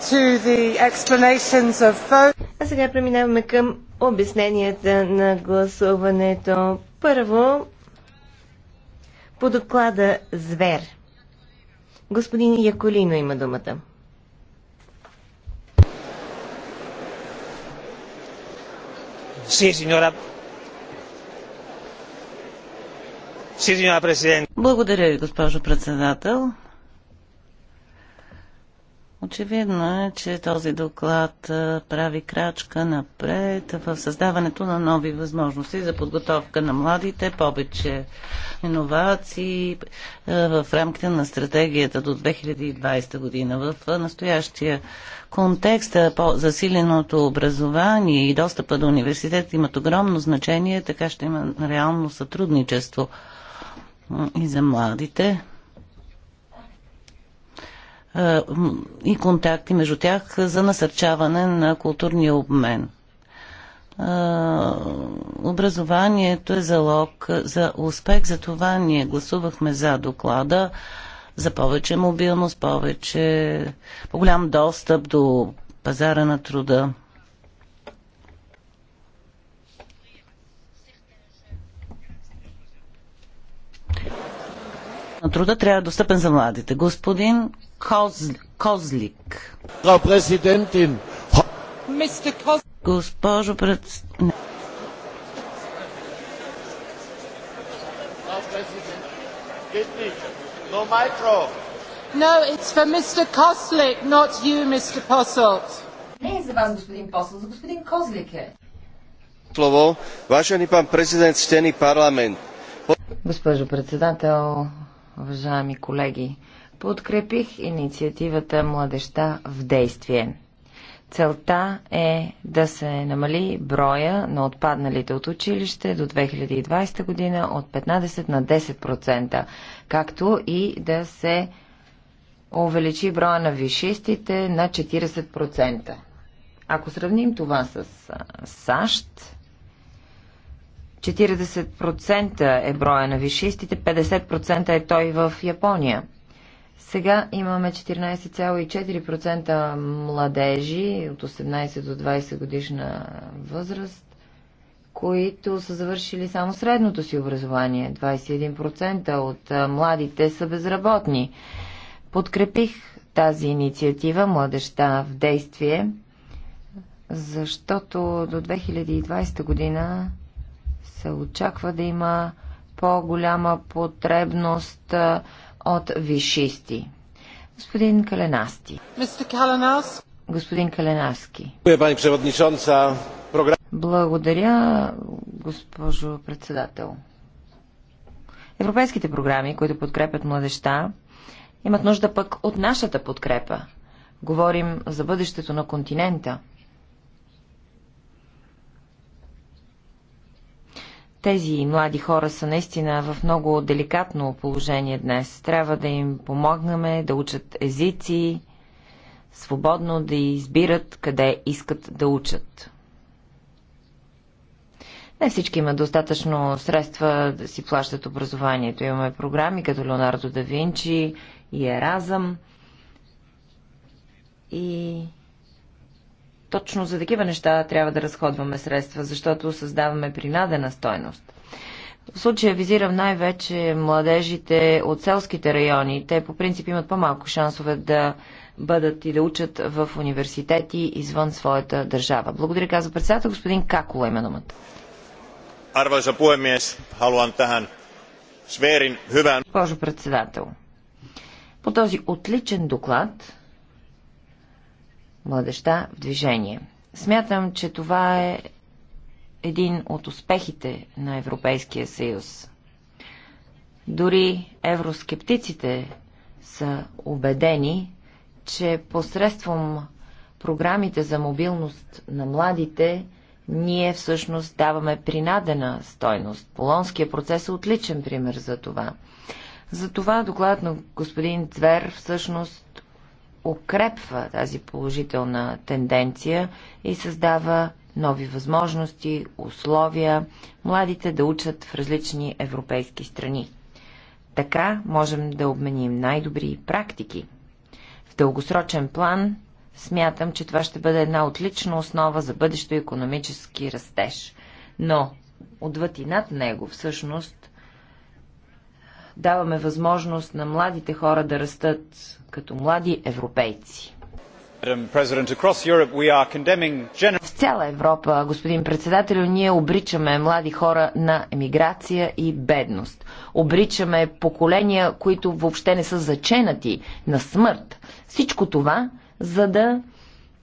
А сега преминаваме към обясненията на гласуването. Първо, по доклада Звер. Господин Яколино има думата. Благодаря ви, госпожо председател. Очевидно е, че този доклад прави крачка напред в създаването на нови възможности за подготовка на младите, повече иновации в рамките на стратегията до 2020 година. В настоящия контекст по-засиленото образование и достъпа до университет имат огромно значение, така ще има реално сътрудничество и за младите, е, и контакти между тях за насърчаване на културния обмен. Е, образованието е залог за успех, за това ние гласувахме за доклада за повече мобилност, повече, по-голям достъп до пазара на труда. на труда трябва да е достъпен за младите. Господин Коз... Козлик. Госпожо пред... No micro. No, it's for Mr. Koslik, not you, Mr. Posselt. Не е за вас, господин Посъл, за господин Козлик е. Слово, важен пан президент, стени парламент. Госпожо председател, уважаеми колеги, подкрепих инициативата Младеща в действие. Целта е да се намали броя на отпадналите от училище до 2020 година от 15 на 10%, както и да се увеличи броя на вишистите на 40%. Ако сравним това с САЩ, 40% е броя на вишистите, 50% е той в Япония. Сега имаме 14,4% младежи от 18 до 20 годишна възраст, които са завършили само средното си образование. 21% от младите са безработни. Подкрепих тази инициатива Младеща в действие, защото до 2020 година се очаква да има по-голяма потребност от вишисти. Господин Каленасти. Господин Каленаски. Благодаря, госпожо председател. Европейските програми, които подкрепят младеща, имат нужда пък от нашата подкрепа. Говорим за бъдещето на континента – Тези млади хора са наистина в много деликатно положение днес. Трябва да им помогнаме да учат езици, свободно да избират къде искат да учат. Не всички имат достатъчно средства да си плащат образованието. Имаме програми като Леонардо да Винчи и Еразъм. И точно за такива неща трябва да разходваме средства, защото създаваме принадена стойност. В случая визирам най-вече младежите от селските райони. Те по принцип имат по-малко шансове да бъдат и да учат в университети извън своята държава. Благодаря, казва председател. Господин Какола има думата. Arvoisa puhemies, haluan tähän Сферин, hyvän... Госпожо председател, по този отличен доклад младеща в движение. Смятам, че това е един от успехите на Европейския съюз. Дори евроскептиците са убедени, че посредством програмите за мобилност на младите, ние всъщност даваме принадена стойност. Полонския процес е отличен пример за това. Затова докладът на господин Цвер всъщност укрепва тази положителна тенденция и създава нови възможности, условия, младите да учат в различни европейски страни. Така можем да обменим най-добри практики. В дългосрочен план смятам, че това ще бъде една отлична основа за бъдещо економически растеж. Но отвъд и над него всъщност даваме възможност на младите хора да растат като млади европейци. В цяла Европа, господин председател, ние обричаме млади хора на емиграция и бедност. Обричаме поколения, които въобще не са заченати на смърт. Всичко това, за да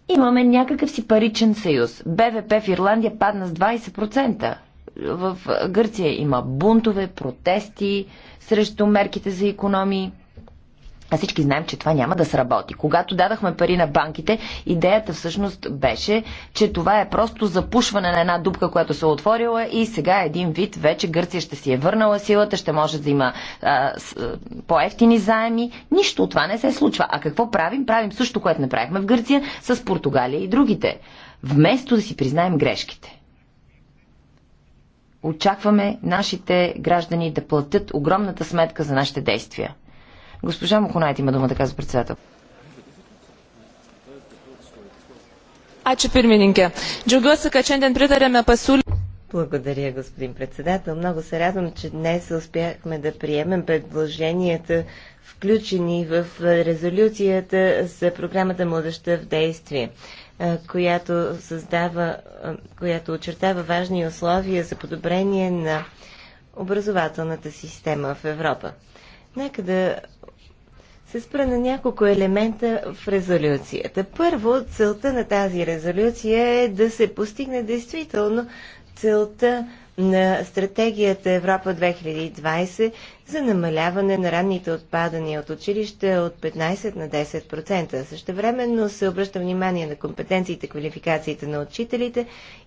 имаме някакъв си паричен съюз. БВП в Ирландия падна с 20% в Гърция има бунтове, протести срещу мерките за економии. А всички знаем, че това няма да сработи. Когато дадахме пари на банките, идеята всъщност беше, че това е просто запушване на една дупка, която се е отворила и сега един вид вече Гърция ще си е върнала силата, ще може да има по-ефтини заеми. Нищо от това не се случва. А какво правим? Правим също, което направихме в Гърция с Португалия и другите. Вместо да си признаем грешките очакваме нашите граждани да платят огромната сметка за нашите действия. Госпожа Мухонайт има думата, каза председател. Ачи пирмининке. Džiaugiuosi, kad šiandien pritarėme пасули. Благодаря, господин председател. Много се радвам, че днес успяхме да приемем предложенията, включени в резолюцията за програмата Младеща в действие която създава, която очертава важни условия за подобрение на образователната система в Европа. Нека да се спра на няколко елемента в резолюцията. Първо, целта на тази резолюция е да се постигне действително целта на стратегията Европа 2020 за намаляване на ранните отпадания от училище от 15 на 10%. Същевременно се обръща внимание на компетенциите, квалификациите на учителите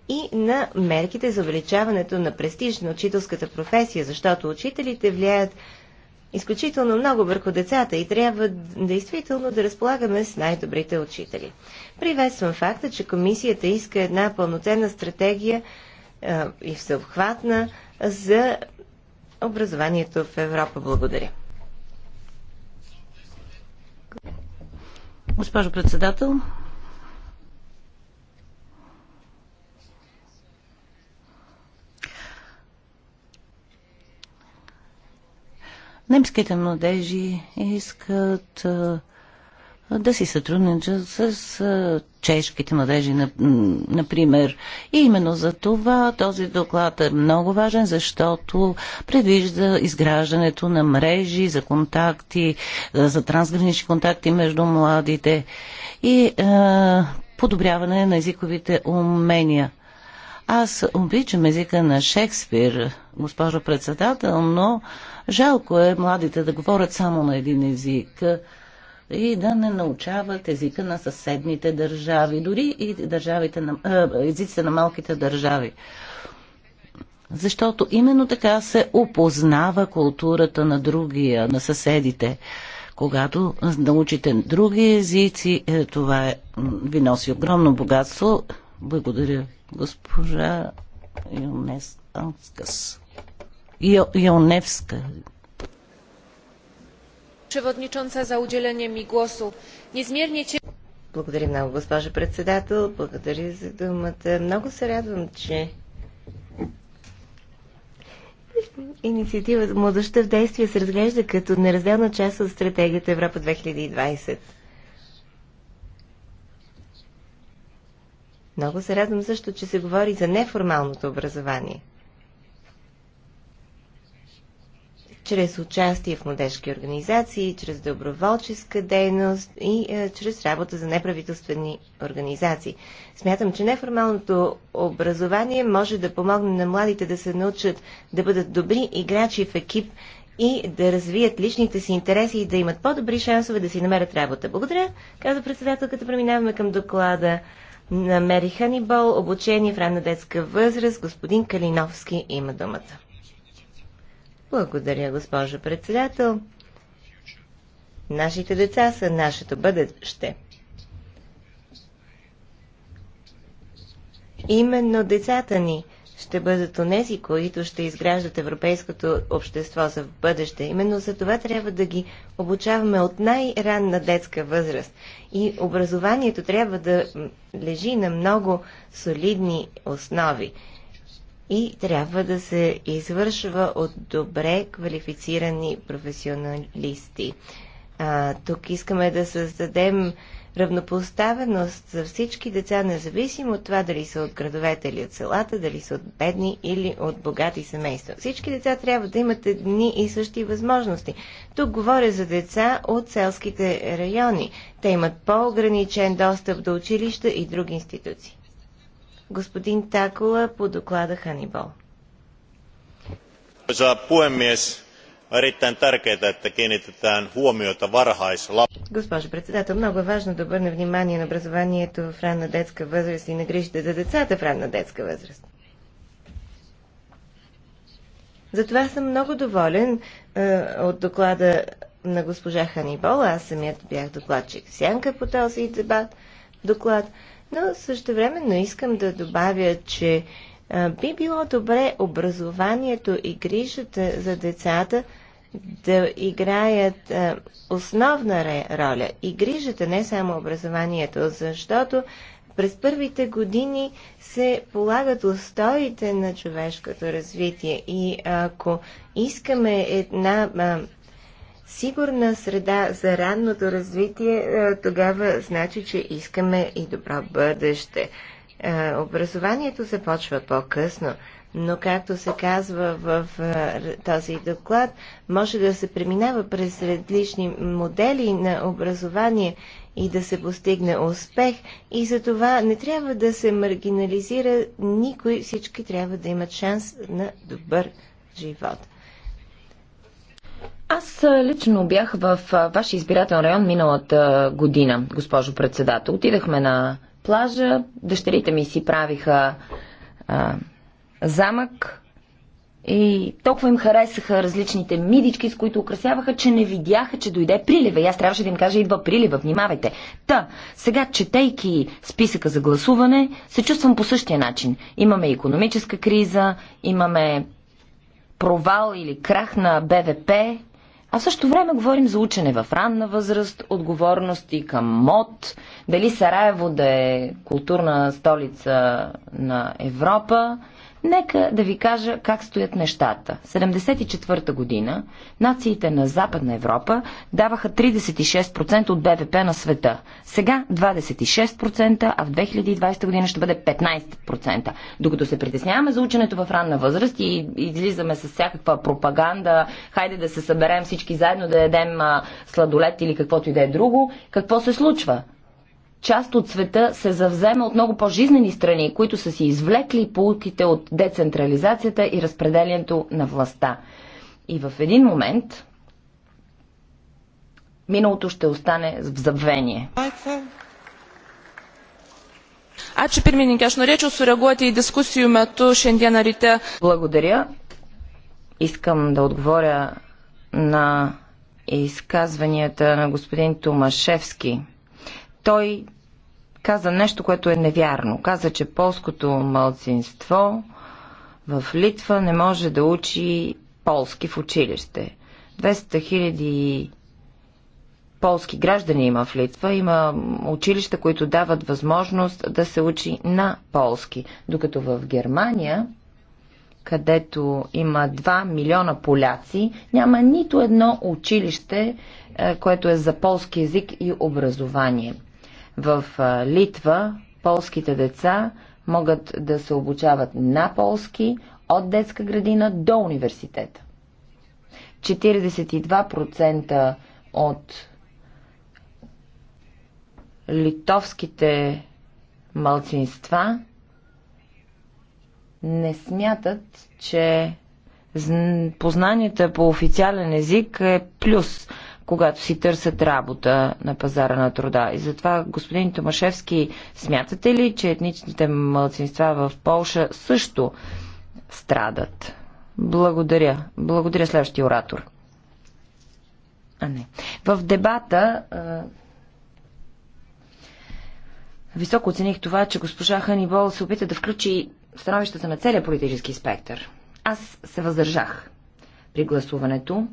и на мерките за увеличаването на престиж на учителската професия, защото учителите влияят изключително много върху децата и трябва действително да разполагаме с най-добрите учители. Приветствам факта, че комисията иска една пълноценна стратегия и всеобхватна за образованието в Европа. Благодаря. Госпожо председател, Немските младежи искат да си сътрудничат с чешките младежи, например. И именно за това този доклад е много важен, защото предвижда изграждането на мрежи за контакти, за трансгранични контакти между младите и е, подобряване на езиковите умения. Аз обичам езика на Шекспир, госпожо председател, но жалко е младите да говорят само на един език и да не научават езика на съседните държави, дори и държавите на, езиците на малките държави. Защото именно така се опознава културата на другия, на съседите. Когато научите други езици, е, това е, ви носи огромно богатство. Благодаря, госпожа Юнес Анскас. Йоневска. Благодаря много, госпожа председател. Благодаря за думата. Много се радвам, че инициативата Младостта в действие се разглежда като неразделна част от стратегията Европа 2020. Много се радвам също, че се говори за неформалното образование – чрез участие в младежки организации, чрез доброволческа дейност и а, е, чрез работа за неправителствени организации. Смятам, че неформалното образование може да помогне на младите да се научат да бъдат добри играчи в екип и да развият личните си интереси и да имат по-добри шансове да си намерят работа. Благодаря, каза председателката. Преминаваме към доклада на Мери Ханибол, обучение в ранна детска възраст. Господин Калиновски има думата. Благодаря, госпожо председател. Нашите деца са нашето бъдеще. Именно децата ни ще бъдат онези, които ще изграждат европейското общество за бъдеще. Именно за това трябва да ги обучаваме от най-ранна детска възраст. И образованието трябва да лежи на много солидни основи и трябва да се извършва от добре квалифицирани професионалисти. А, тук искаме да създадем равнопоставеност за всички деца, независимо от това дали са от градовете или от селата, дали са от бедни или от богати семейства. Всички деца трябва да имат едни и същи възможности. Тук говоря за деца от селските райони. Те имат по-ограничен достъп до училища и други институции господин Такола по доклада Ханибол. Госпожо председател, много е важно да обърне внимание на образованието в ранна детска възраст и на грижите за децата в ранна детска възраст. Затова съм много доволен е, от доклада на госпожа Ханибол. Аз самият бях докладчик сянка по този дебат, доклад но също искам да добавя, че би било добре образованието и грижата за децата да играят основна роля и грижата, не само образованието, защото през първите години се полагат устоите на човешкото развитие и ако искаме една сигурна среда за ранното развитие, е, тогава значи, че искаме и добро бъдеще. Е, образованието започва по-късно, но както се казва в е, този доклад, може да се преминава през различни модели на образование и да се постигне успех и за това не трябва да се маргинализира никой, всички трябва да имат шанс на добър живот. Аз лично бях в вашия избирателен район миналата година, госпожо председател. Отидахме на плажа, дъщерите ми си правиха а, замък и толкова им харесаха различните мидички, с които украсяваха, че не видяха, че дойде прилива. И аз трябваше да им кажа, идва прилива, внимавайте. Та, сега, четейки списъка за гласуване, се чувствам по същия начин. Имаме економическа криза, имаме провал или крах на БВП, а в същото време говорим за учене в ранна възраст, отговорности към МОД, дали Сараево да е културна столица на Европа Нека да ви кажа как стоят нещата. 74-та година нациите на Западна Европа даваха 36% от БВП на света. Сега 26%, а в 2020 година ще бъде 15%. Докато се притесняваме за ученето в ранна възраст и излизаме с всякаква пропаганда, хайде да се съберем всички заедно да ядем сладолет или каквото и да е друго, какво се случва? част от света се завзема от много по-жизнени страни, които са си извлекли полуките от децентрализацията и разпределението на властта. И в един момент миналото ще остане в забвение. Ačiū pirmininkė, аз нарече, sureaguoti и diskusijų мето шендена рите. Благодаря. Искам да отговоря на изказванията на господин Томашевски той каза нещо, което е невярно. Каза, че полското мълцинство в Литва не може да учи полски в училище. 200 хиляди полски граждани има в Литва. Има училища, които дават възможност да се учи на полски. Докато в Германия, където има 2 милиона поляци, няма нито едно училище, е, което е за полски язик и образование. В Литва полските деца могат да се обучават на полски от детска градина до университета. 42% от литовските малцинства не смятат, че познанията по официален език е плюс когато си търсят работа на пазара на труда. И затова, господин Томашевски, смятате ли, че етничните мълцинства в Полша също страдат? Благодаря. Благодаря следващия оратор. А не. В дебата Високо оцених това, че госпожа Ханибол се опита да включи становищата на целия политически спектър. Аз се въздържах при гласуването,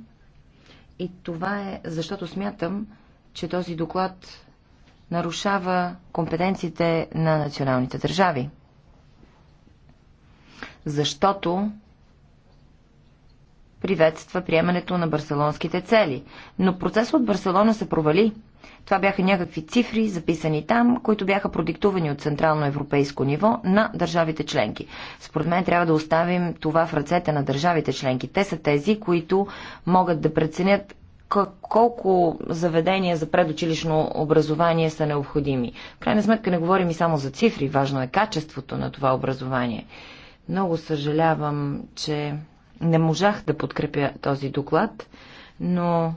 и това е защото смятам, че този доклад нарушава компетенциите на националните държави. Защото приветства приемането на барселонските цели. Но процесът от Барселона се провали – това бяха някакви цифри, записани там, които бяха продиктувани от централно европейско ниво на държавите членки. Според мен трябва да оставим това в ръцете на държавите членки. Те са тези, които могат да преценят колко заведения за предучилищно образование са необходими. В крайна сметка не говорим и само за цифри, важно е качеството на това образование. Много съжалявам, че не можах да подкрепя този доклад, но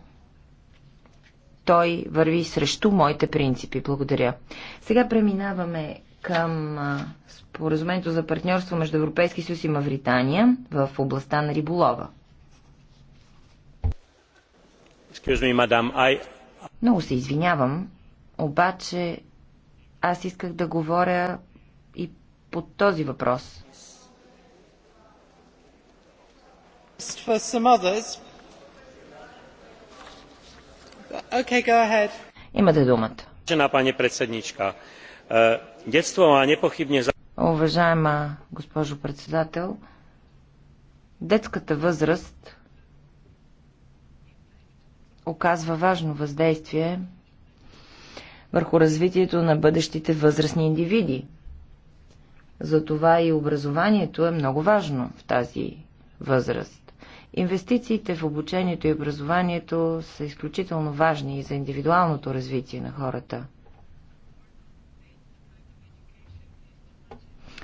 той върви срещу моите принципи. Благодаря. Сега преминаваме към споразумението за партньорство между Европейски съюз и Мавритания в областта на риболова. Me, madam, I... Много се извинявам, обаче аз исках да говоря и по този въпрос. For some others, Имате думата. Е, Уважаема госпожо председател, детската възраст оказва важно въздействие върху развитието на бъдещите възрастни индивиди. Затова и образованието е много важно в тази възраст. Инвестициите в обучението и образованието са изключително важни и за индивидуалното развитие на хората.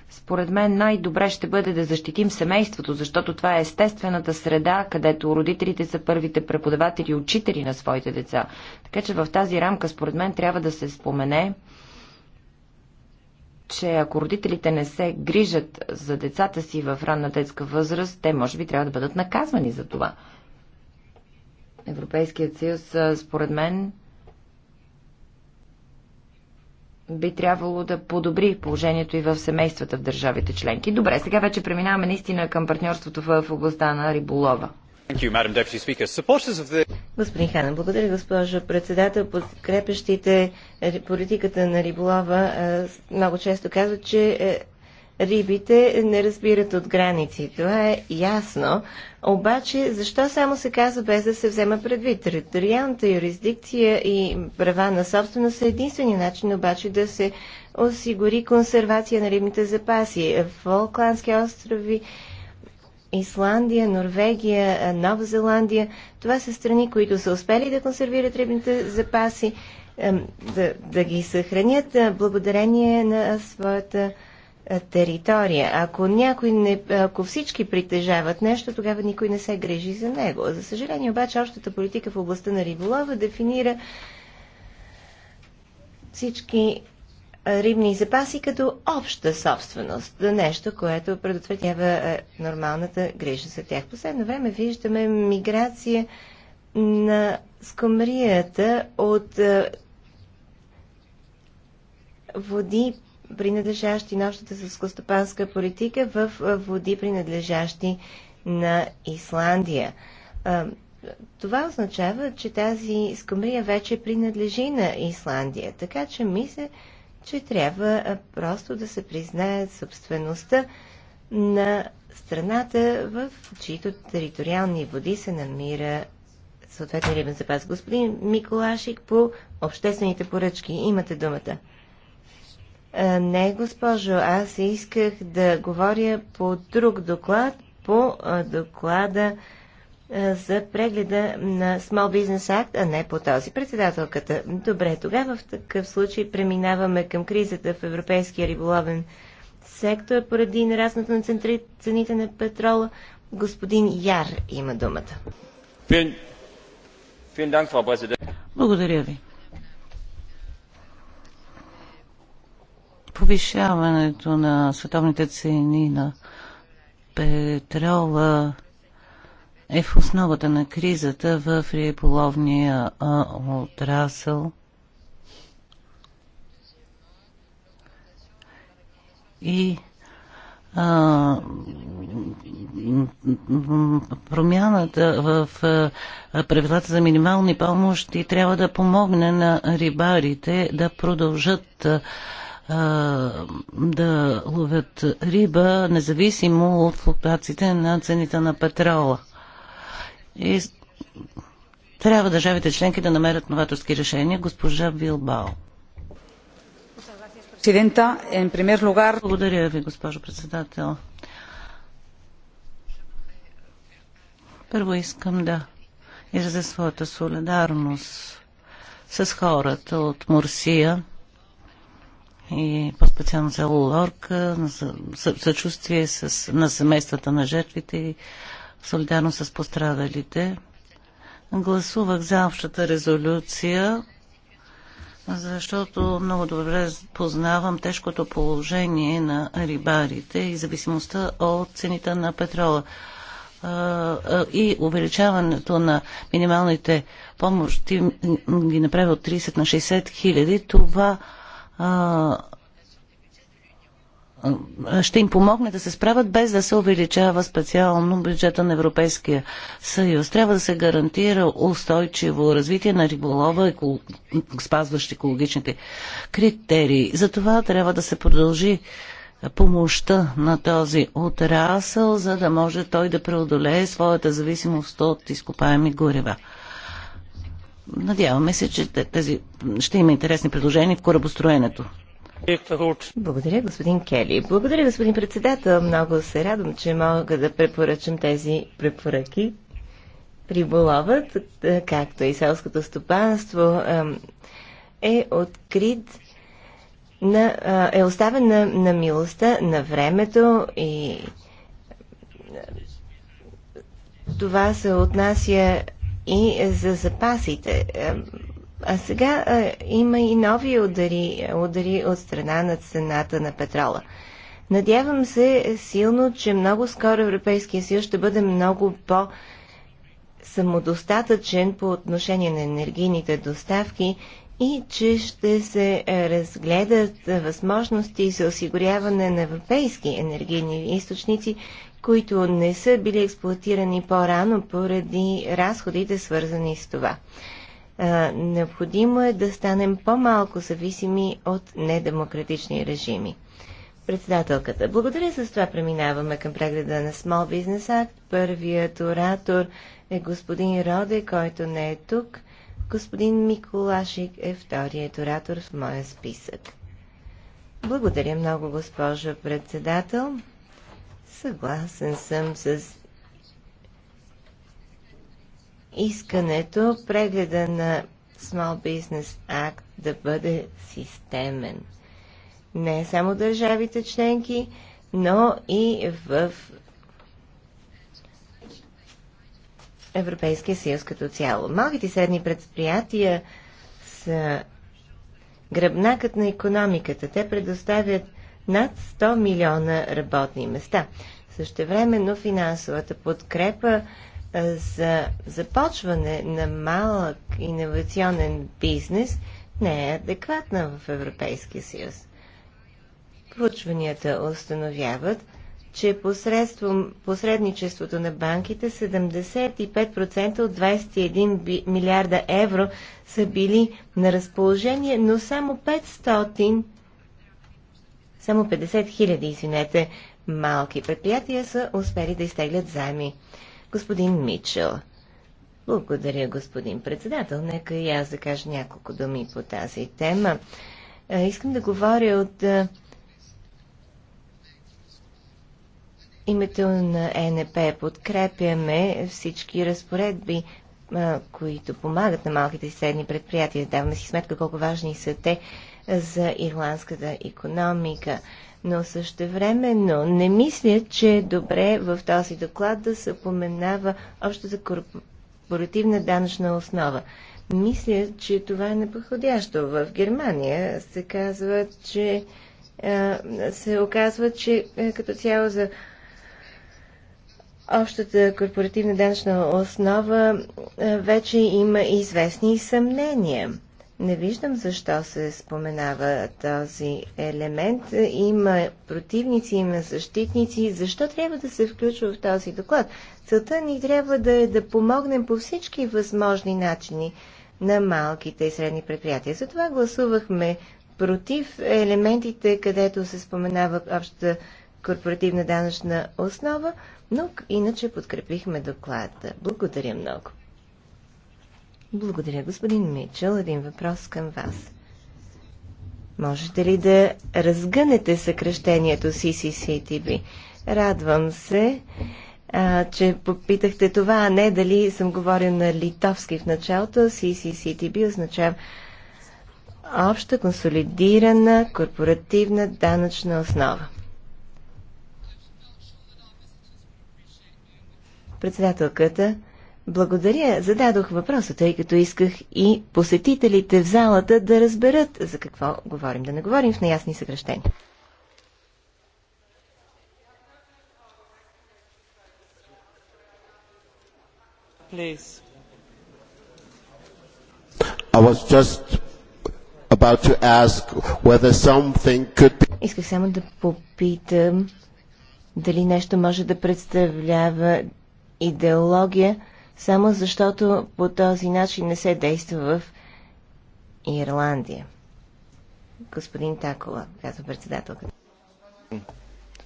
Според мен най-добре ще бъде да защитим семейството, защото това е естествената среда, където родителите са първите преподаватели и учители на своите деца. Така че в тази рамка, според мен, трябва да се спомене че ако родителите не се грижат за децата си в ранна детска възраст, те може би трябва да бъдат наказвани за това. Европейският съюз, според мен, би трябвало да подобри положението и в семействата в държавите членки. Добре, сега вече преминаваме наистина към партньорството в областта на риболова. Господин Ханан, благодаря, госпожо председател. Подкрепящите политиката на риболова много често казват, че е, рибите не разбират от граници. Това е ясно. Обаче, защо само се казва без да се взема предвид? Териториалната юрисдикция и права на собственост са единствения начин обаче да се осигури консервация на рибните запаси. В Волкландски острови Исландия, Норвегия, Нова Зеландия. Това са страни, които са успели да консервират рибните запаси, да, да ги съхранят благодарение на своята територия. Ако, някой не, ако всички притежават нещо, тогава никой не се грижи за него. За съжаление обаче, общата политика в областта на риболова дефинира всички рибни запаси като обща собственост. Нещо, което предотвратява е, нормалната грижа за тях. Последно време виждаме миграция на скумрията от е, води, принадлежащи на общата съскостопанска политика, в е, води, принадлежащи на Исландия. Това означава, че тази скумрия вече принадлежи на Исландия. Така че мисля, че трябва просто да се признае собствеността на страната, в чието териториални води се намира съответния рибен запас. Господин Миколашик, по обществените поръчки имате думата. А, не, госпожо, аз исках да говоря по друг доклад, по а, доклада е, за прегледа на Small Business Act, а не по този председателката. Добре, тогава в такъв случай преминаваме към кризата в европейския риболовен сектор поради нарасната на центри... цените на петрола. Господин Яр има думата. Благодаря ви. Повишаването на световните цени на петрола е в основата на кризата в риеполовния отрасъл. И а, промяната в правилата за минимални помощи трябва да помогне на рибарите да продължат да ловят риба, независимо от флуктуациите на цените на петрола. И трябва държавите членки да намерят новаторски решения. Госпожа Билбао. Благодаря ви, госпожо председател. Първо искам да изразя своята солидарност с хората от Мурсия и по-специално село Лорка, съчувствие с, на семействата на жертвите и солидарно с пострадалите. Гласувах за общата резолюция, защото много добре познавам тежкото положение на рибарите и зависимостта от цените на петрола и увеличаването на минималните помощи ги направи от 30 на 60 хиляди, това ще им помогне да се справят без да се увеличава специално бюджета на Европейския съюз. Трябва да се гарантира устойчиво развитие на риболова, екол... спазващи екологичните критерии. Затова трябва да се продължи помощта на този отрасъл, за да може той да преодолее своята зависимост от изкопаеми горева. Надяваме се, че тези ще има интересни предложения в корабостроенето. Благодаря, господин Кели. Благодаря, господин председател. Много се радвам, че мога да препоръчам тези препоръки. Приболовът, е, както и селското стопанство, е, е открит на, е оставен на, на милостта на времето и е, това се отнася и за запасите. А сега а, има и нови удари, удари от страна на цената на петрола. Надявам се силно, че много скоро Европейския съюз ще бъде много по- самодостатъчен по отношение на енергийните доставки и че ще се разгледат възможности за осигуряване на европейски енергийни източници, които не са били експлуатирани по-рано поради разходите, свързани с това необходимо е да станем по-малко зависими от недемократични режими. Председателката. Благодаря за това преминаваме към прегледа на Small Business Act. Първият оратор е господин Роде, който не е тук. Господин Миколашик е вторият оратор в моя списък. Благодаря много, госпожо председател. Съгласен съм с искането прегледа на Small Business Act да бъде системен. Не само държавите членки, но и в Европейския съюз като цяло. Малките и средни предприятия са гръбнакът на економиката. Те предоставят над 100 милиона работни места. Същевременно финансовата подкрепа за започване на малък иновационен бизнес не е адекватна в Европейския съюз. Проучванията установяват, че посредством посредничеството на банките 75% от 21 милиарда евро са били на разположение, но само 500 само 50 хиляди, извинете, малки предприятия са успели да изтеглят заеми. Господин Мичел. Благодаря, господин председател. Нека и аз да кажа няколко думи по тази тема. Искам да говоря от името на ЕНП. Подкрепяме всички разпоредби, които помагат на малките и средни предприятия. Даваме си сметка колко важни са те за ирландската економика но същевременно не мисля, че е добре в този доклад да се поменава общата корпоративна данъчна основа. Мисля, че това е неподходящо. В Германия се казва, че е, се оказва, че е, като цяло за общата корпоративна данъчна основа е, вече има известни съмнения. Не виждам защо се споменава този елемент. Има противници, има защитници. Защо трябва да се включва в този доклад? Целта ни трябва да е да помогнем по всички възможни начини на малките и средни предприятия. Затова гласувахме против елементите, където се споменава общата корпоративна данъчна основа, но иначе подкрепихме доклада. Благодаря много. Благодаря, господин Мичел. Един въпрос към вас. Можете ли да разгънете съкръщението CCCTV? Радвам се, а, че попитахте това, а не дали съм говорил на литовски в началото. CCCTB означава обща консолидирана корпоративна данъчна основа. Председателката благодаря. Зададох въпроса, тъй като исках и посетителите в залата да разберат за какво говорим. Да не говорим в неясни съкръщения. Please. I was just about to ask whether something could be... Исках само да попитам дали нещо може да представлява идеология, само защото по този начин не се действа в Ирландия. Господин Такова, казва председателката.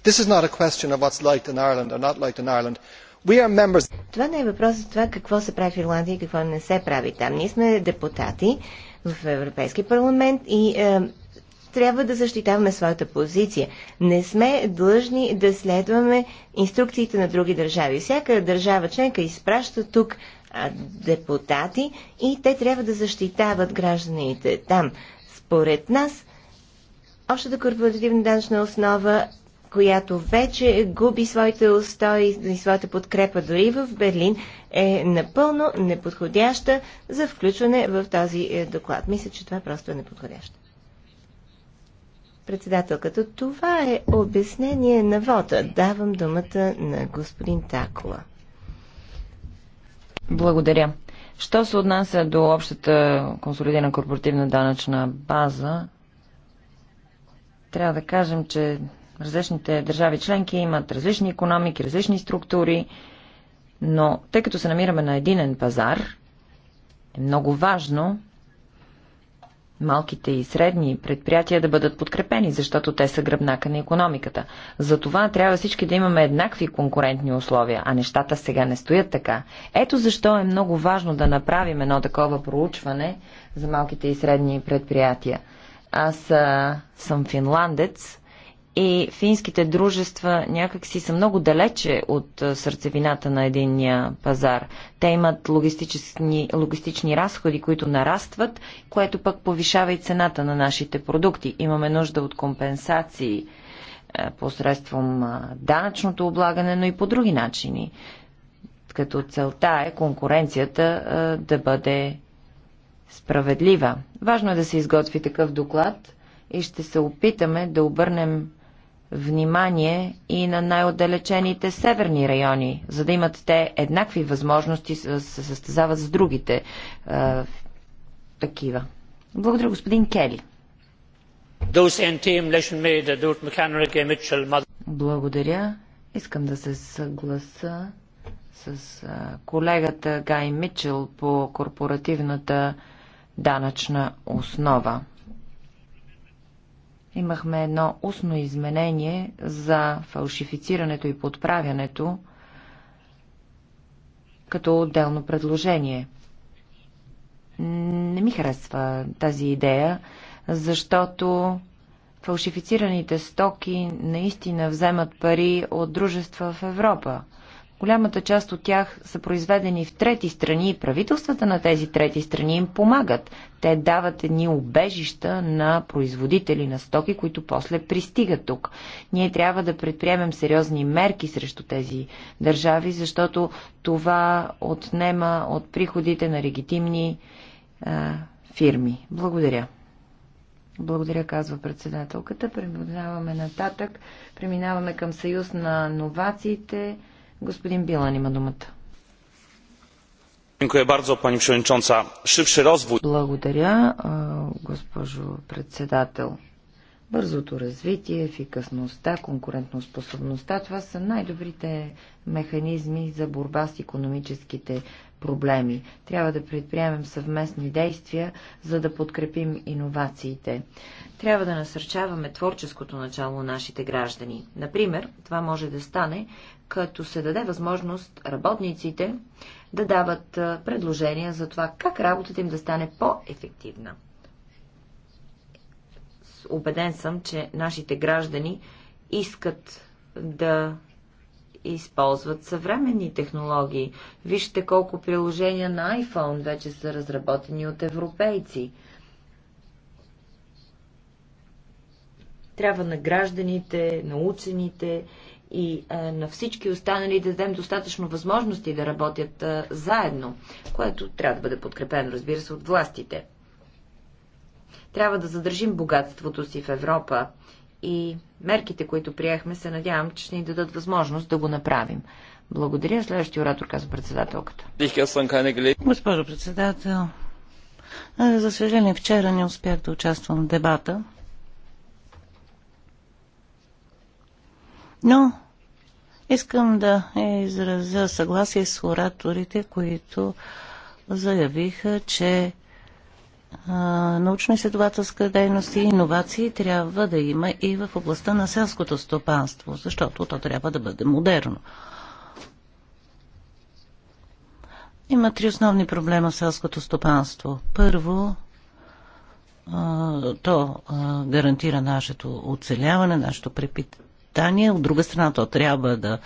This is not a question of what's liked in Ireland or not liked in Ireland. We are members. Това не е въпрос за това какво се прави в Ирландия и какво не се прави там. Ние сме депутати в Европейския парламент и е, трябва да защитаваме своята позиция. Не сме длъжни да следваме инструкциите на други държави. Всяка държава членка изпраща тук депутати и те трябва да защитават гражданите там. Според нас, общата корпоративна данъчна основа, която вече губи своите устои и своята подкрепа дори в Берлин, е напълно неподходяща за включване в този е, доклад. Мисля, че това просто е неподходящо. Председателката, това е обяснение на вода. Давам думата на господин Такова. Благодаря. Що се отнася до общата консолидирана корпоративна данъчна база, трябва да кажем, че различните държави членки имат различни економики, различни структури, но тъй като се намираме на единен пазар, е много важно малките и средни предприятия да бъдат подкрепени, защото те са гръбнака на економиката. За това трябва всички да имаме еднакви конкурентни условия, а нещата сега не стоят така. Ето защо е много важно да направим едно такова проучване за малките и средни предприятия. Аз а, съм финландец и финските дружества някакси са много далече от сърцевината на единния пазар. Те имат логистични, логистични разходи, които нарастват, което пък повишава и цената на нашите продукти. Имаме нужда от компенсации посредством данъчното облагане, но и по други начини. Като целта е конкуренцията да бъде справедлива. Важно е да се изготви такъв доклад и ще се опитаме да обърнем внимание и на най-отдалечените северни райони, за да имат те еднакви възможности да се състезават с другите а, е, такива. Благодаря, господин Кели. Благодаря. Искам да се съгласа с е, колегата Гай Мичел по корпоративната данъчна основа имахме едно устно изменение за фалшифицирането и подправянето като отделно предложение. Не ми харесва тази идея, защото фалшифицираните стоки наистина вземат пари от дружества в Европа. Голямата част от тях са произведени в трети страни и правителствата на тези трети страни им помагат. Те дават едни обежища на производители на стоки, които после пристигат тук. Ние трябва да предприемем сериозни мерки срещу тези държави, защото това отнема от приходите на легитимни а, фирми. Благодаря. Благодаря, казва председателката. Преминаваме нататък. Преминаваме към Съюз на новациите. Господин Билан има думата. Благодаря, госпожо председател. Бързото развитие, ефикасността, конкурентоспособността – това са най-добрите механизми за борба с економическите проблеми. Трябва да предприемем съвместни действия, за да подкрепим иновациите. Трябва да насърчаваме творческото начало на нашите граждани. Например, това може да стане, като се даде възможност работниците да дават предложения за това как работата им да стане по-ефективна. Обеден съм, че нашите граждани искат да използват съвременни технологии. Вижте колко приложения на iPhone вече са разработени от европейци – Трябва на гражданите, на учените и а, на всички останали да дадем достатъчно възможности да работят а, заедно, което трябва да бъде подкрепено, разбира се, от властите. Трябва да задържим богатството си в Европа и мерките, които приехме, се надявам, че ще ни дадат възможност да го направим. Благодаря. Следващия оратор казва председателката. Госпожо председател, за съжаление вчера не успях да участвам в дебата, Но искам да изразя съгласие с ораторите, които заявиха, че научно-изследователска дейност и иновации трябва да има и в областта на селското стопанство, защото то трябва да бъде модерно. Има три основни проблема в селското стопанство. Първо, то гарантира нашето оцеляване, нашето питание, От друга страна, то трябва да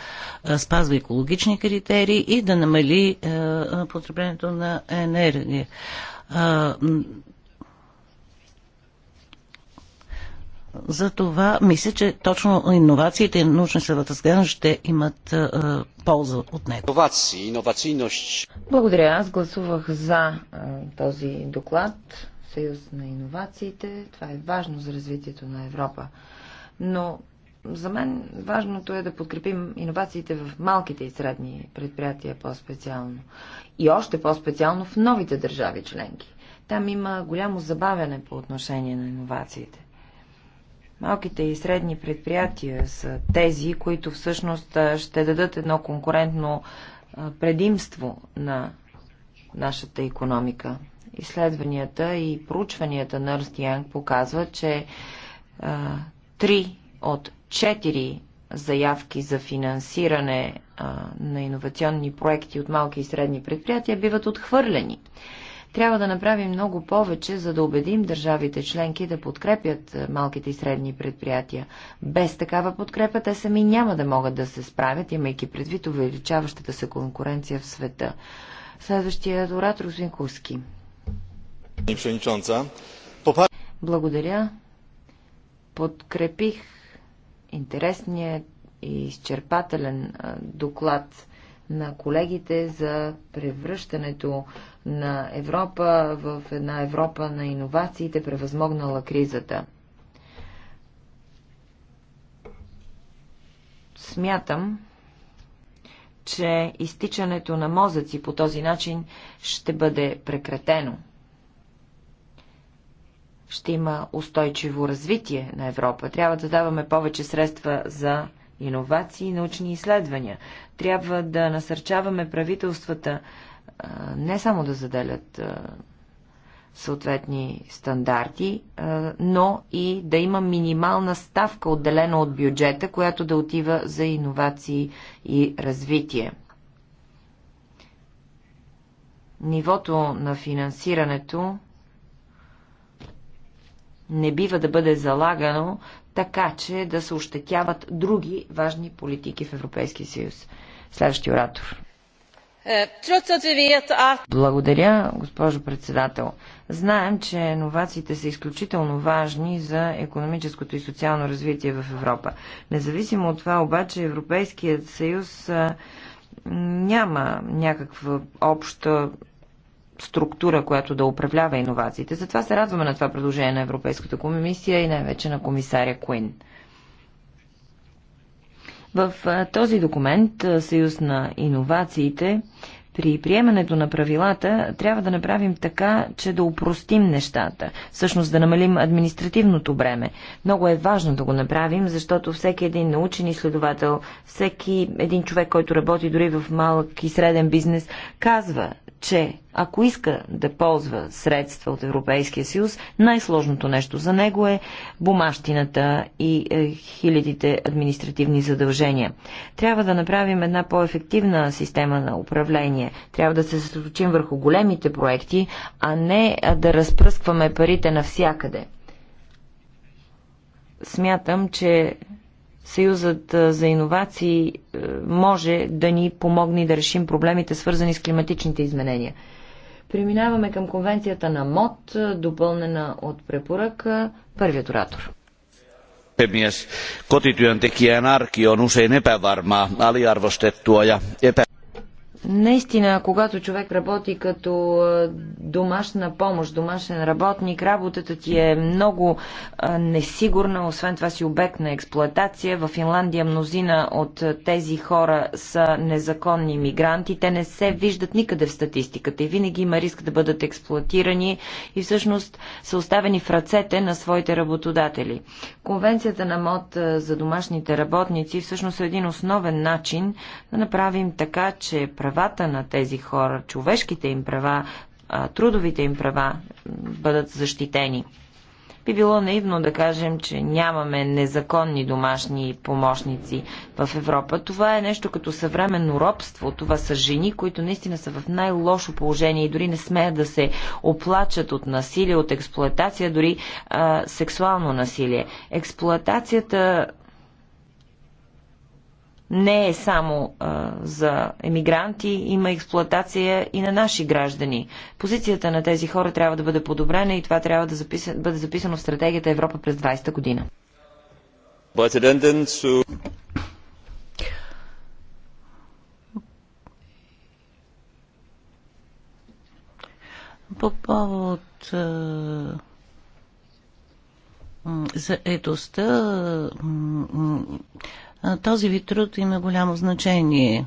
спазва екологични критерии и да намали е, е, потреблението на енергия. За това мисля, че точно иновациите и научно-изследователска дейност ще имат а, е, полза от него. Иновации, иновацийност. Благодаря. Аз гласувах за а, този доклад. Съюз на иновациите. Това е важно за развитието на Европа. Но за мен важното е да подкрепим иновациите в малките и средни предприятия по-специално. И още по-специално в новите държави членки. Там има голямо забавяне по отношение на иновациите. Малките и средни предприятия са тези, които всъщност ще дадат едно конкурентно предимство на нашата економика. Изследванията и проучванията на Ernst показват, че а, три от четири заявки за финансиране а, на иновационни проекти от малки и средни предприятия биват отхвърлени. Трябва да направим много повече, за да убедим държавите членки да подкрепят малките и средни предприятия. Без такава подкрепа те сами няма да могат да се справят, имайки предвид увеличаващата се конкуренция в света. Следващият оратор Русин Куски. Благодаря. Подкрепих интересния и изчерпателен доклад на колегите за превръщането на Европа в една Европа на иновациите, превъзмогнала кризата. Смятам, че изтичането на мозъци по този начин ще бъде прекратено ще има устойчиво развитие на Европа. Трябва да даваме повече средства за иновации и научни изследвания. Трябва да насърчаваме правителствата не само да заделят съответни стандарти, но и да има минимална ставка, отделена от бюджета, която да отива за иновации и развитие. Нивото на финансирането не бива да бъде залагано така, че да се ощетяват други важни политики в Европейския съюз. Следващи оратор. Е, Благодаря, госпожо председател. Знаем, че иновациите са изключително важни за економическото и социално развитие в Европа. Независимо от това, обаче, Европейският съюз няма някаква обща структура, която да управлява иновациите. Затова се радваме на това предложение на Европейската комисия и най-вече на комисаря Куин. В този документ Съюз на иновациите при приемането на правилата трябва да направим така, че да упростим нещата, всъщност да намалим административното бреме. Много е важно да го направим, защото всеки един научен изследовател, всеки един човек, който работи дори в малък и среден бизнес, казва, че ако иска да ползва средства от Европейския съюз, най-сложното нещо за него е бумащината и е, хилядите административни задължения. Трябва да направим една по-ефективна система на управление. Трябва да се съсредоточим върху големите проекти, а не да разпръскваме парите навсякъде. Смятам, че Съюзът за иновации може да ни помогне да решим проблемите, свързани с климатичните изменения. Преминаваме към конвенцията на МОД, допълнена от препоръка. Първият оратор. Kotityöntekijän arki on usein epävarmaa, aliarvostettua ja epä... Наистина, когато човек работи като домашна помощ, домашен работник, работата ти е много несигурна, освен това си обект на експлоатация. В Финландия мнозина от тези хора са незаконни мигранти. Те не се виждат никъде в статистиката и винаги има риск да бъдат експлоатирани и всъщност са оставени в ръцете на своите работодатели. Конвенцията на МОД за домашните работници всъщност е един основен начин да направим така, че правителството правата на тези хора, човешките им права, трудовите им права бъдат защитени. Би било наивно да кажем, че нямаме незаконни домашни помощници в Европа. Това е нещо като съвременно робство. Това са жени, които наистина са в най-лошо положение и дори не смеят да се оплачат от насилие, от експлоатация, дори а, сексуално насилие. Експлоатацията не е само а, за емигранти, има експлоатация и на наши граждани. Позицията на тези хора трябва да бъде подобрена и това трябва да записа, бъде записано в стратегията Европа през 20-та година. По повод заедостта този вид труд има голямо значение.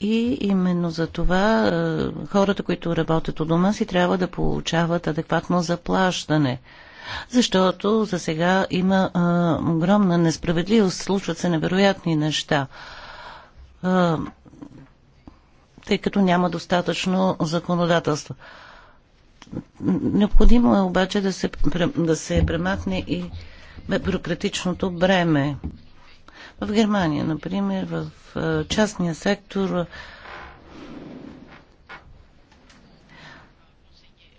И именно за това хората, които работят у дома си, трябва да получават адекватно заплащане. Защото за сега има а, огромна несправедливост, случват се невероятни неща. А, тъй като няма достатъчно законодателство. Необходимо е обаче да се, да се премахне и бюрократичното бреме. В Германия, например, в частния сектор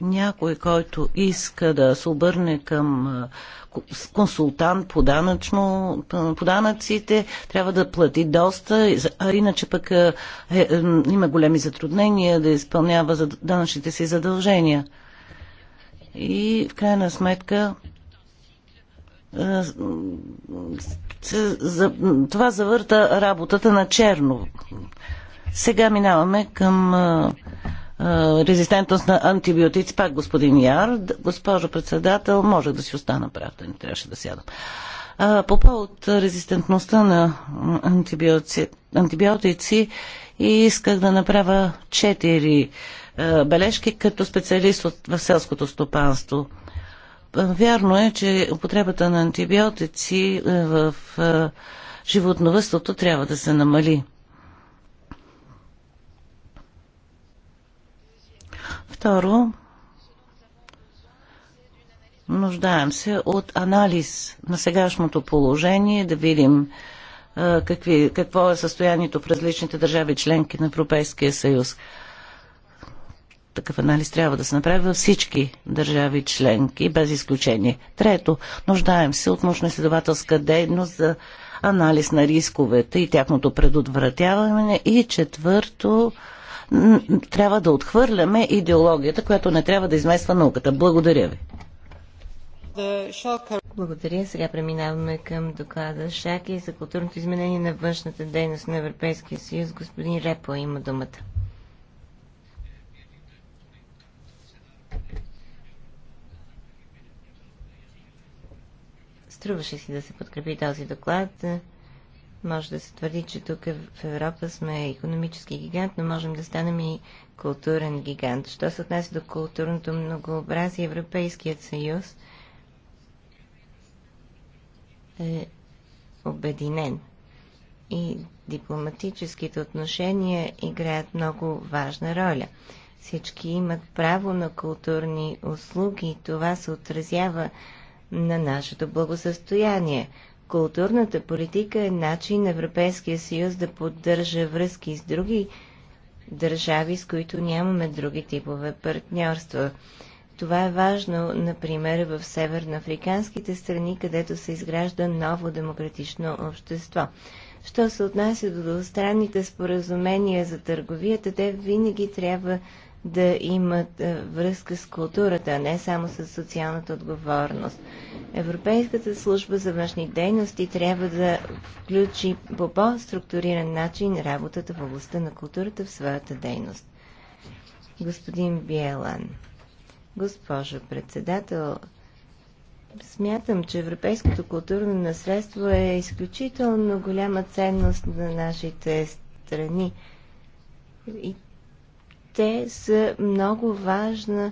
някой, който иска да се обърне към консултант по, данъчно, по данъците, трябва да плати доста, а иначе пък е, е, има големи затруднения да изпълнява данъчните си задължения. И в крайна сметка е, това завърта работата на черно. Сега минаваме към е, е, резистентност на антибиотици. Пак господин Яр, госпожо председател, може да си остана прав, да не трябваше да сядам. По повод резистентността на антибиотици, антибиотици исках да направя четири бележки като специалист в селското стопанство – Вярно е, че употребата на антибиотици е, в е, животновъството трябва да се намали. Второ, нуждаем се от анализ на сегашното положение, да видим е, какви, какво е състоянието в различните държави членки на Европейския съюз такъв анализ трябва да се направи във всички държави членки, без изключение. Трето, нуждаем се от научно-изследователска дейност за анализ на рисковете и тяхното предотвратяване. И четвърто, трябва да отхвърляме идеологията, която не трябва да измества науката. Благодаря ви. Благодаря. Сега преминаваме към доклада Шаки за културното изменение на външната дейност на Европейския съюз. Господин Репо има думата. Струваше си да се подкрепи този доклад. Може да се твърди, че тук в Европа сме економически гигант, но можем да станем и културен гигант. Що се отнася до културното многообразие, Европейският съюз е обединен. И дипломатическите отношения играят много важна роля. Всички имат право на културни услуги и това се отразява на нашето благосъстояние. Културната политика е начин Европейския съюз да поддържа връзки с други държави, с които нямаме други типове партньорства. Това е важно, например, в северноафриканските страни, където се изгражда ново демократично общество. Що се отнася до двустранните споразумения за търговията, те винаги трябва да имат е, връзка с културата, а не само с социалната отговорност. Европейската служба за външни дейности трябва да включи по по-структуриран начин работата в областта на културата в своята дейност. Господин Биелан, госпожо председател, смятам, че европейското културно наследство е изключително голяма ценност на нашите страни. И те са много важна.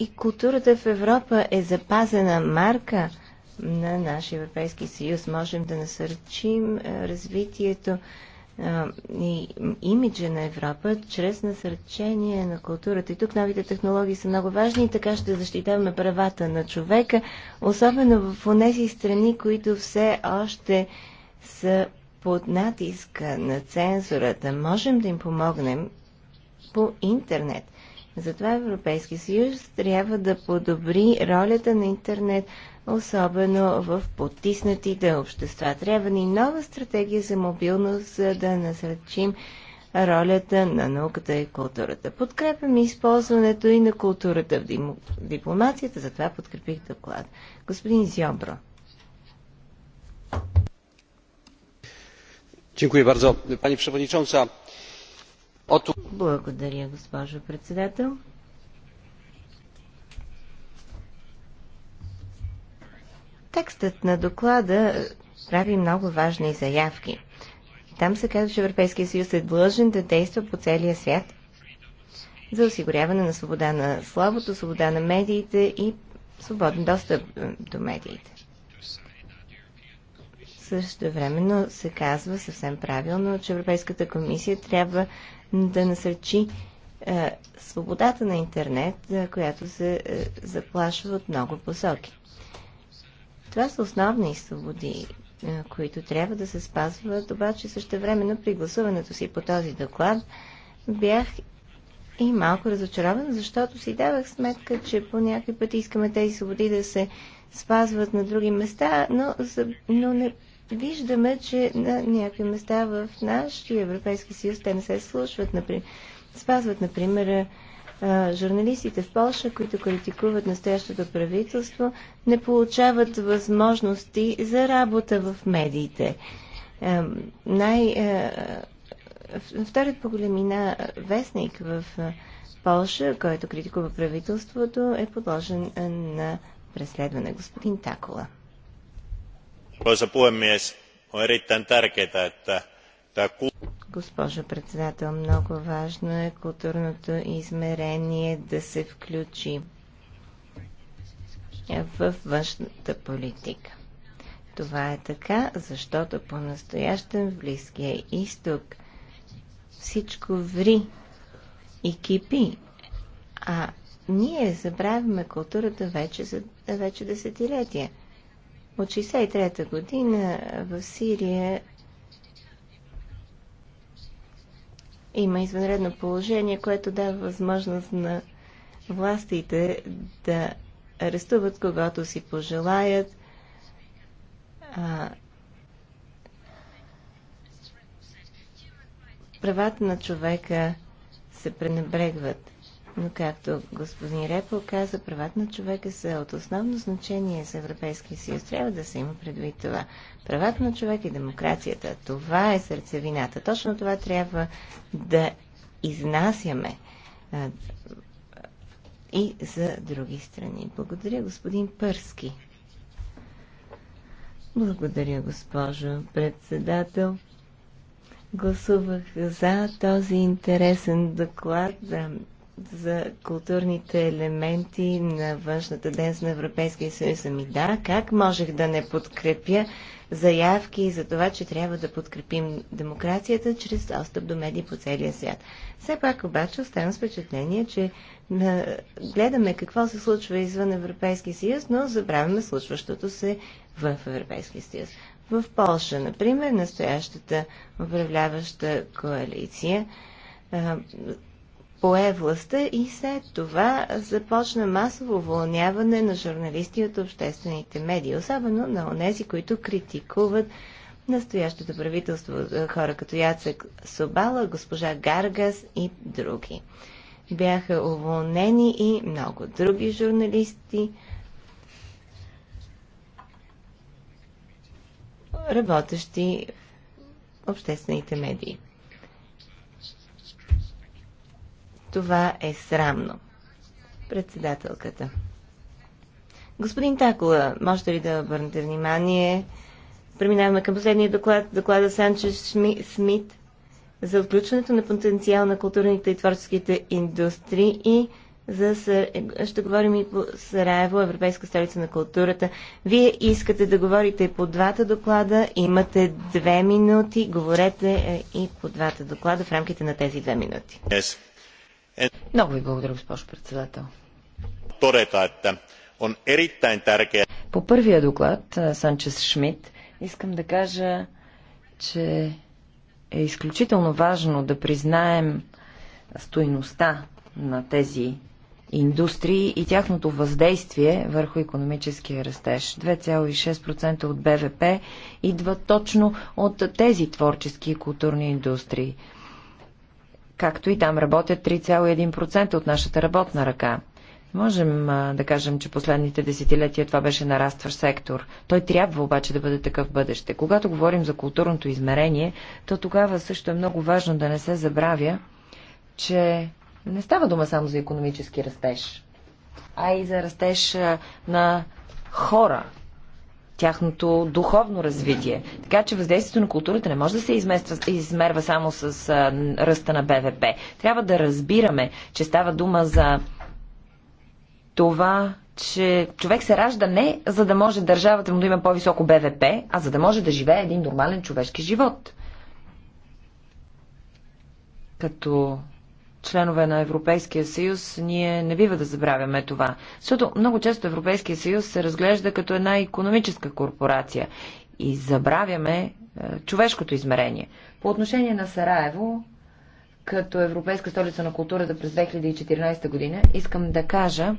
И културата в Европа е запазена марка на нашия Европейски съюз. Можем да насърчим развитието и имиджа на Европа чрез насърчение на културата. И тук новите технологии са много важни и така ще защитаваме правата на човека, особено в тези страни, които все още са под натиска на цензурата. Можем да им помогнем по интернет. Затова Европейски съюз трябва да подобри ролята на интернет, особено в потиснатите общества. Трябва ни нова стратегия за мобилност, за да насърчим ролята на науката и културата. Подкрепяме използването и на културата в дипломацията, затова подкрепих доклад. Господин Зьобро. Dziękuję bardzo. Pani Przewodnicząca, от... Благодаря, госпожо председател. Текстът на доклада прави много важни заявки. Там се казва, че Европейския съюз е длъжен да действа по целия свят за осигуряване на свобода на словото, свобода на медиите и свободен достъп до медиите. Също времено се казва съвсем правилно, че Европейската комисия трябва да насърчи е, свободата на интернет, е, която се е, заплашва от много посоки. Това са основни свободи, е, които трябва да се спазват, обаче същевременно при гласуването си по този доклад бях и малко разочарован, защото си давах сметка, че по някакви пъти искаме тези свободи да се спазват на други места, но, но не виждаме, че на някои места в нашия Европейски съюз те не се слушват, например, спазват, например, журналистите в Польша, които критикуват настоящото правителство, не получават възможности за работа в медиите. Най, вторият по големина вестник в Польша, който критикува правителството, е подложен на преследване господин Такола arvoisa puhemies on erittäin tärkeää että Госпожо председател, много важно е културното измерение да се включи в външната политика. Това е така, защото по-настоящен в Близкия изток всичко ври и кипи, а ние забравяме културата вече, за, вече десетилетия – от 63 та година в Сирия има извънредно положение, което дава възможност на властите да арестуват когато си пожелаят. А, правата на човека се пренебрегват. Но както господин Репо каза, правата на човека са от основно значение за Европейския съюз. Трябва да се има предвид това. Правата на човека и демокрацията. Това е сърцевината. Точно това трябва да изнасяме а, и за други страни. Благодаря, господин Пърски. Благодаря, госпожо председател. Гласувах за този интересен доклад. Да за културните елементи на външната ден на Европейския съюз. Ами да, как можех да не подкрепя заявки за това, че трябва да подкрепим демокрацията чрез достъп до медии по целия свят. Все пак обаче оставам с впечатление, че гледаме какво се случва извън Европейския съюз, но забравяме случващото се в Европейския съюз. В Польша, например, настоящата управляваща коалиция пое властта и след това започна масово уволняване на журналисти от обществените медии, особено на онези, които критикуват настоящото правителство, е, хора като Яцек Собала, госпожа Гаргас и други. Бяха уволнени и много други журналисти, работещи в обществените медии. Това е срамно. Председателката. Господин Такола, можете ли да обърнете внимание? Преминаваме към последния доклад, доклада Санчес Смит за отключването на потенциал на културните и творческите индустрии и за Сър... ще говорим и по Сараево, Европейска столица на културата. Вие искате да говорите по двата доклада, имате две минути, говорете е, и по двата доклада в рамките на тези две минути. Yes. Много ви благодаря, госпожо председател. По първия доклад, Санчес Шмидт, искам да кажа, че е изключително важно да признаем стойността на тези индустрии и тяхното въздействие върху економическия растеж. 2,6% от БВП идва точно от тези творчески и културни индустрии както и там работят 3,1% от нашата работна ръка. Можем а, да кажем, че последните десетилетия това беше нарастващ сектор. Той трябва обаче да бъде такъв бъдеще. Когато говорим за културното измерение, то тогава също е много важно да не се забравя, че не става дума само за економически растеж, а и за растеж на хора, тяхното духовно развитие. Така че въздействието на културата не може да се измества, измерва само с а, ръста на БВП. Трябва да разбираме, че става дума за това, че човек се ражда не за да може държавата му да има по-високо БВП, а за да може да живее един нормален човешки живот. Като членове на Европейския съюз, ние не бива да забравяме това. Защото много често Европейския съюз се разглежда като една економическа корпорация и забравяме е, човешкото измерение. По отношение на Сараево, като Европейска столица на културата през 2014 година, искам да кажа,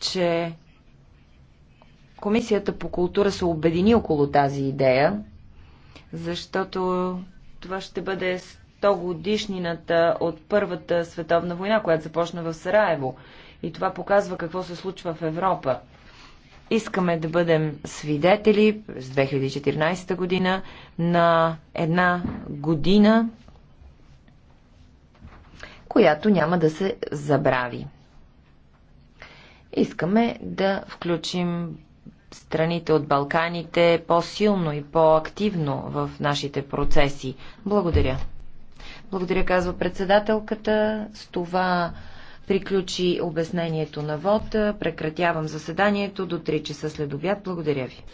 че Комисията по култура се обедини около тази идея, защото това ще бъде 100 годишнината от Първата световна война, която започна в Сараево. И това показва какво се случва в Европа. Искаме да бъдем свидетели с 2014 година на една година, която няма да се забрави. Искаме да включим страните от Балканите по-силно и по-активно в нашите процеси. Благодаря. Благодаря, казва председателката. С това приключи обяснението на вод. Прекратявам заседанието до 3 часа след обяд. Благодаря ви.